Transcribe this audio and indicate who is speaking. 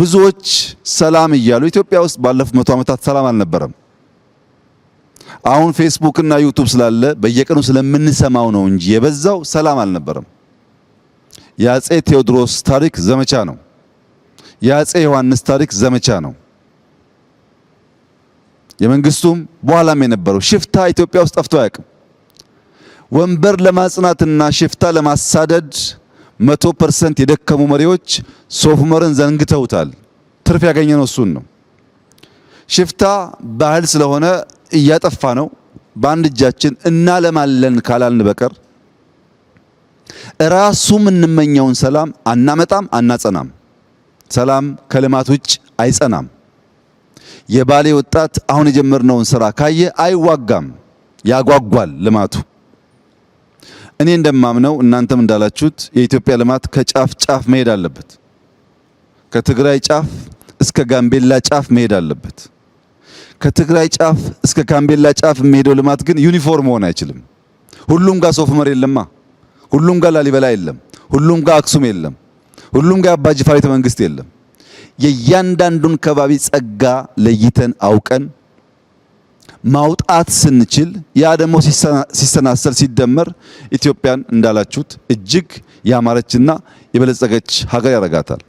Speaker 1: ብዙዎች ሰላም እያሉ ኢትዮጵያ ውስጥ ባለፉት መቶ ዓመታት ሰላም አልነበረም። አሁን ፌስቡክ እና ዩቱብ ስላለ በየቀኑ ስለምንሰማው ነው እንጂ የበዛው ሰላም አልነበረም። የአጼ ቴዎድሮስ ታሪክ ዘመቻ ነው። የአጼ ዮሐንስ ታሪክ ዘመቻ ነው። የመንግስቱም በኋላም የነበረው ሽፍታ ኢትዮጵያ ውስጥ ጠፍቶ አያውቅም። ወንበር ለማጽናትና ሽፍታ ለማሳደድ መቶ ፐርሰንት የደከሙ መሪዎች ሶፍ መርን ዘንግተውታል። ትርፍ ያገኘነው እሱን ነው። ሽፍታ ባህል ስለሆነ እያጠፋ ነው። በአንድ እጃችን እናለማለን ካላልን በቀር ራሱ የምንመኘውን ሰላም አናመጣም፣ አናጸናም። ሰላም ከልማት ውጭ አይጸናም። የባሌ ወጣት አሁን የጀመርነውን ስራ ካየ አይዋጋም፣ ያጓጓል ልማቱ እኔ እንደማምነው እናንተም እንዳላችሁት የኢትዮጵያ ልማት ከጫፍ ጫፍ መሄድ አለበት። ከትግራይ ጫፍ እስከ ጋምቤላ ጫፍ መሄድ አለበት። ከትግራይ ጫፍ እስከ ጋምቤላ ጫፍ የሚሄደው ልማት ግን ዩኒፎርም መሆን አይችልም። ሁሉም ጋር ሶፍመር የለማ፣ ሁሉም ጋር ላሊበላ የለም፣ ሁሉም ጋር አክሱም የለም፣ ሁሉም ጋር አባጅፋር ቤተ መንግስት የለም። የእያንዳንዱን ከባቢ ጸጋ ለይተን አውቀን ማውጣት ስንችል ያ ደግሞ ሲሰናሰል ሲደመር ኢትዮጵያን እንዳላችሁት እጅግ ያማረችና የበለጸገች ሀገር ያደርጋታል።